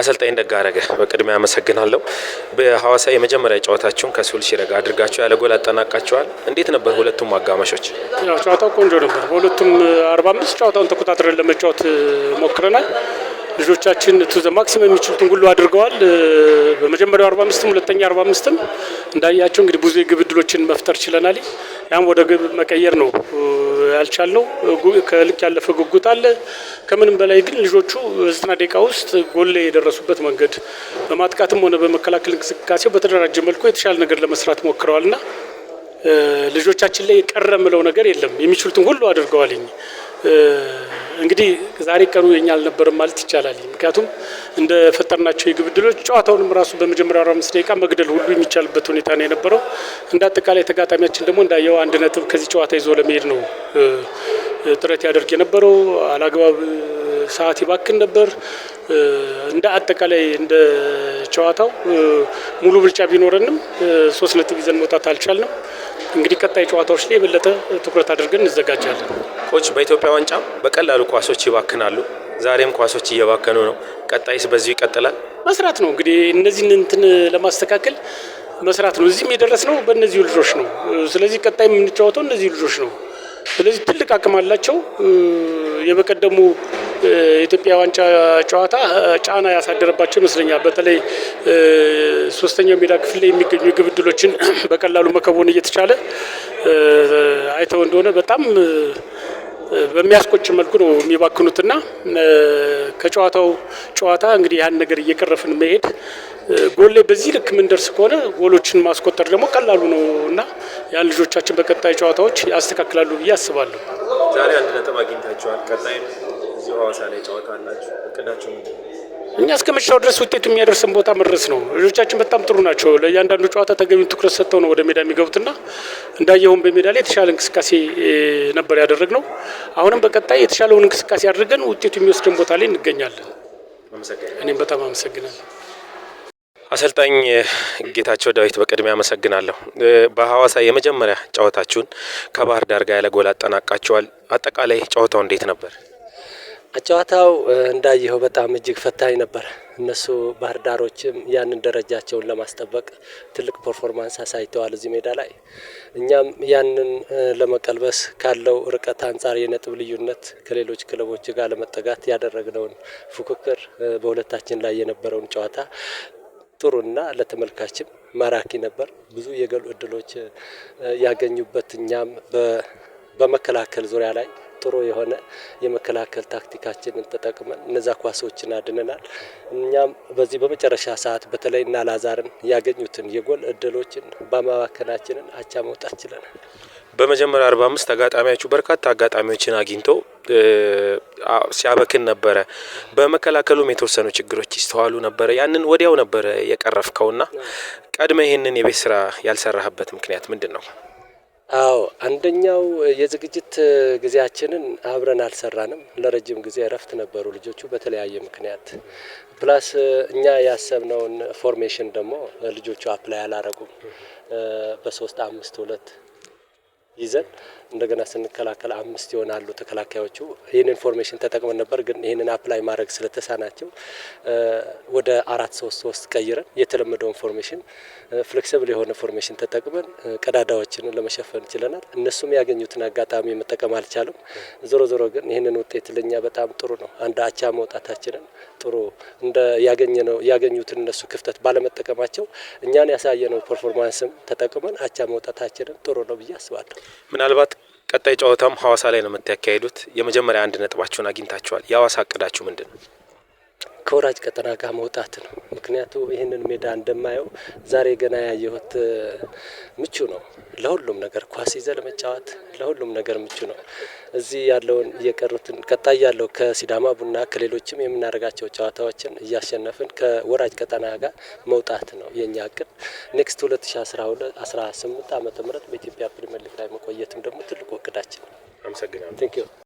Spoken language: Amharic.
አሰልጣኝ ደጋረገ በቅድሚያ አመሰግናለሁ። በሐዋሳ የመጀመሪያ ጨዋታችሁን ከሱል ሽረ ጋር አድርጋችሁ ያለ ጎል አጠናቃችኋል። እንዴት ነበር ሁለቱም አጋማሾች? ያው ጨዋታው ቆንጆ ነበር። በሁለቱም 45 ጨዋታውን ተቆጣጥረን ለመጫወት ሞክረናል። ልጆቻችን ቱ ዘ ማክሲመም የሚችሉትን ሁሉ አድርገዋል። በመጀመሪያው 45ም ሁለተኛ 45ም እንዳያቸው እንግዲህ ብዙ የግብ ዕድሎችን መፍጠር ችለናል። ያም ወደ ግብ መቀየር ነው ያልቻለው ከልክ ያለፈ ጉጉት አለ። ከምንም በላይ ግን ልጆቹ በዘጠና ደቂቃ ውስጥ ጎል የደረሱበት መንገድ በማጥቃትም ሆነ በመከላከል እንቅስቃሴው በተደራጀ መልኩ የተሻለ ነገር ለመስራት ሞክረዋልና ልጆቻችን ላይ የቀረ ምለው ነገር የለም። የሚችሉትን ሁሉ አድርገዋልኝ። እንግዲህ ዛሬ ቀኑ የኛ አልነበርም ማለት ይቻላል። ምክንያቱም እንደ ፈጠርናቸው የግብ ጨዋታውንም ራሱ በመጀመሪያ አርባ አምስት ደቂቃ መግደል ሁሉ የሚቻልበት ሁኔታ ነው የነበረው። እንደ አጠቃላይ ተጋጣሚያችን ደግሞ እንዳየው አንድ ነጥብ ከዚህ ጨዋታ ይዞ ለመሄድ ነው ጥረት ያደርግ የነበረው። አላግባብ ሰዓት ይባክን ነበር። እንደ አጠቃላይ እንደ ጨዋታው ሙሉ ብልጫ ቢኖረንም ሶስት ነጥብ ይዘን መውጣት አልቻልንም። እንግዲህ ቀጣይ ጨዋታዎች ላይ የበለጠ ትኩረት አድርገን እንዘጋጃለን። ኮች በኢትዮጵያ ዋንጫ በቀላሉ ኳሶች ይባክናሉ። ዛሬም ኳሶች እየባከኑ ነው። ቀጣይስ በዚሁ ይቀጥላል? መስራት ነው እንግዲህ እነዚህን እንትን ለማስተካከል መስራት ነው። እዚህም የደረስነው በእነዚሁ ልጆች ነው። ስለዚህ ቀጣይ የምንጫወተው እነዚህ ልጆች ነው። ስለዚህ ትልቅ አቅም አላቸው። የበቀደሙ የኢትዮጵያ ዋንጫ ጨዋታ ጫና ያሳደረባቸው ይመስለኛል። በተለይ ሶስተኛው ሜዳ ክፍል ላይ የሚገኙ የግብ ዕድሎችን በቀላሉ መከወን እየተቻለ አይተው እንደሆነ በጣም በሚያስቆጭ መልኩ ነው የሚባክኑትና ከጨዋታው ጨዋታ እንግዲህ ያን ነገር እየቀረፍን መሄድ ጎል ላይ በዚህ ልክ ምንደርስ ከሆነ ጎሎችን ማስቆጠር ደግሞ ቀላሉ ነው እና ያን ልጆቻችን በቀጣይ ጨዋታዎች ያስተካክላሉ ብዬ አስባለሁ። ዛሬ አንድ ነጥብ አግኝታቸዋል። ቀጣይ እዚሁ ሐዋሳ ላይ ጨዋታ አላችሁ። እቅዳችሁ እኛ እስከ መሻው ድረስ ውጤቱ የሚያደርሰን ቦታ መድረስ ነው። ልጆቻችን በጣም ጥሩ ናቸው። ለእያንዳንዱ ጨዋታ ተገቢውን ትኩረት ሰጥተው ነው ወደ ሜዳ የሚገቡትና እንዳየሁም በሜዳ ላይ የተሻለ እንቅስቃሴ ነበር ያደረግነው። አሁንም በቀጣይ የተሻለውን እንቅስቃሴ አድርገን ውጤቱ የሚወስደን ቦታ ላይ እንገኛለን። እኔም በጣም አመሰግናለሁ። አሰልጣኝ ጌታቸው ዳዊት በቅድሚያ አመሰግናለሁ። በሐዋሳ የመጀመሪያ ጨዋታችሁን ከባህር ዳር ጋር ያለ ጎል አጠናቃችኋል። አጠቃላይ ጨዋታው እንዴት ነበር? ጨዋታው እንዳየኸው በጣም እጅግ ፈታኝ ነበር። እነሱ ባህር ዳሮችም ያንን ደረጃቸውን ለማስጠበቅ ትልቅ ፐርፎርማንስ አሳይተዋል እዚህ ሜዳ ላይ። እኛም ያንን ለመቀልበስ ካለው ርቀት አንጻር የነጥብ ልዩነት ከሌሎች ክለቦች ጋር ለመጠጋት ያደረግነውን ፉክክር በሁለታችን ላይ የነበረውን ጨዋታ ጥሩና ለተመልካችም ማራኪ ነበር። ብዙ የገሉ እድሎች ያገኙበት እኛም በመከላከል ዙሪያ ላይ ጥሩ የሆነ የመከላከል ታክቲካችንን ተጠቅመን እነዛ ኳሶችን አድነናል። እኛም በዚህ በመጨረሻ ሰዓት በተለይ እና ላዛርን ያገኙትን የጎል እድሎችን በማባከናችንን አቻ መውጣት ችለናል። በመጀመሪያ አምስት ተጋጣሚያችሁ በርካታ አጋጣሚዎችን አግኝቶ ሲያበክን ነበረ። በመከላከሉም የተወሰኑ ችግሮች ይስተዋሉ ነበረ። ያንን ወዲያው ነበረ የቀረፍከውና ቀድመ ይህንን የቤት ስራ ያልሰራህበት ምክንያት ምንድን ነው? አዎ አንደኛው የዝግጅት ጊዜያችንን አብረን አልሰራንም ለረጅም ጊዜ እረፍት ነበሩ ልጆቹ በተለያየ ምክንያት ፕላስ እኛ ያሰብነውን ፎርሜሽን ደግሞ ልጆቹ አፕላይ አላረጉም። በሶስት አምስት ሁለት ይዘን እንደገና ስንከላከል አምስት ይሆናሉ ተከላካዮቹ። ይህን ኢንፎርሜሽን ተጠቅመን ነበር፣ ግን ይህንን አፕላይ ማድረግ ስለተሳናቸው ወደ አራት ሶስት ሶስት ቀይረን የተለመደው ኢንፎርሜሽን ፍሌክሲብል የሆነ ኢንፎርሜሽን ተጠቅመን ቀዳዳዎችን ለመሸፈን ችለናል። እነሱም ያገኙትን አጋጣሚ መጠቀም አልቻሉም። ዞሮ ዞሮ ግን ይህንን ውጤት ለኛ በጣም ጥሩ ነው። አንድ አቻ መውጣታችንን ጥሩ እንደ ያገኘ ነው ያገኙትን እነሱ ክፍተት ባለመጠቀማቸው እኛን ያሳየነው ፐርፎርማንስም ተጠቅመን አቻ መውጣታችንን ጥሩ ነው ብዬ አስባለሁ። ምናልባት ቀጣይ ጨዋታም ሀዋሳ ላይ ነው የምታካሄዱት። የመጀመሪያ አንድ ነጥባችሁን አግኝታችኋል። የሀዋሳ እቅዳችሁ ምንድን ነው? ከወራጅ ቀጠና ጋር መውጣት ነው። ምክንያቱ ይህንን ሜዳ እንደማየው ዛሬ ገና ያየሁት ምቹ ነው ለሁሉም ነገር ኳስ ይዘ ለመጫወት ለሁሉም ነገር ምቹ ነው። እዚህ ያለውን እየቀሩትን ቀጣይ ያለው ከሲዳማ ቡና ከሌሎችም የምናደርጋቸው ጨዋታዎችን እያሸነፍን ከወራጅ ቀጠና ጋር መውጣት ነው የኛ እቅድ። ኔክስት 2018 ዓ ም በኢትዮጵያ ፕሪሚየር ሊግ ላይ መቆየትም ደግሞ ትልቁ እቅዳችን ነው። አመሰግናለሁ።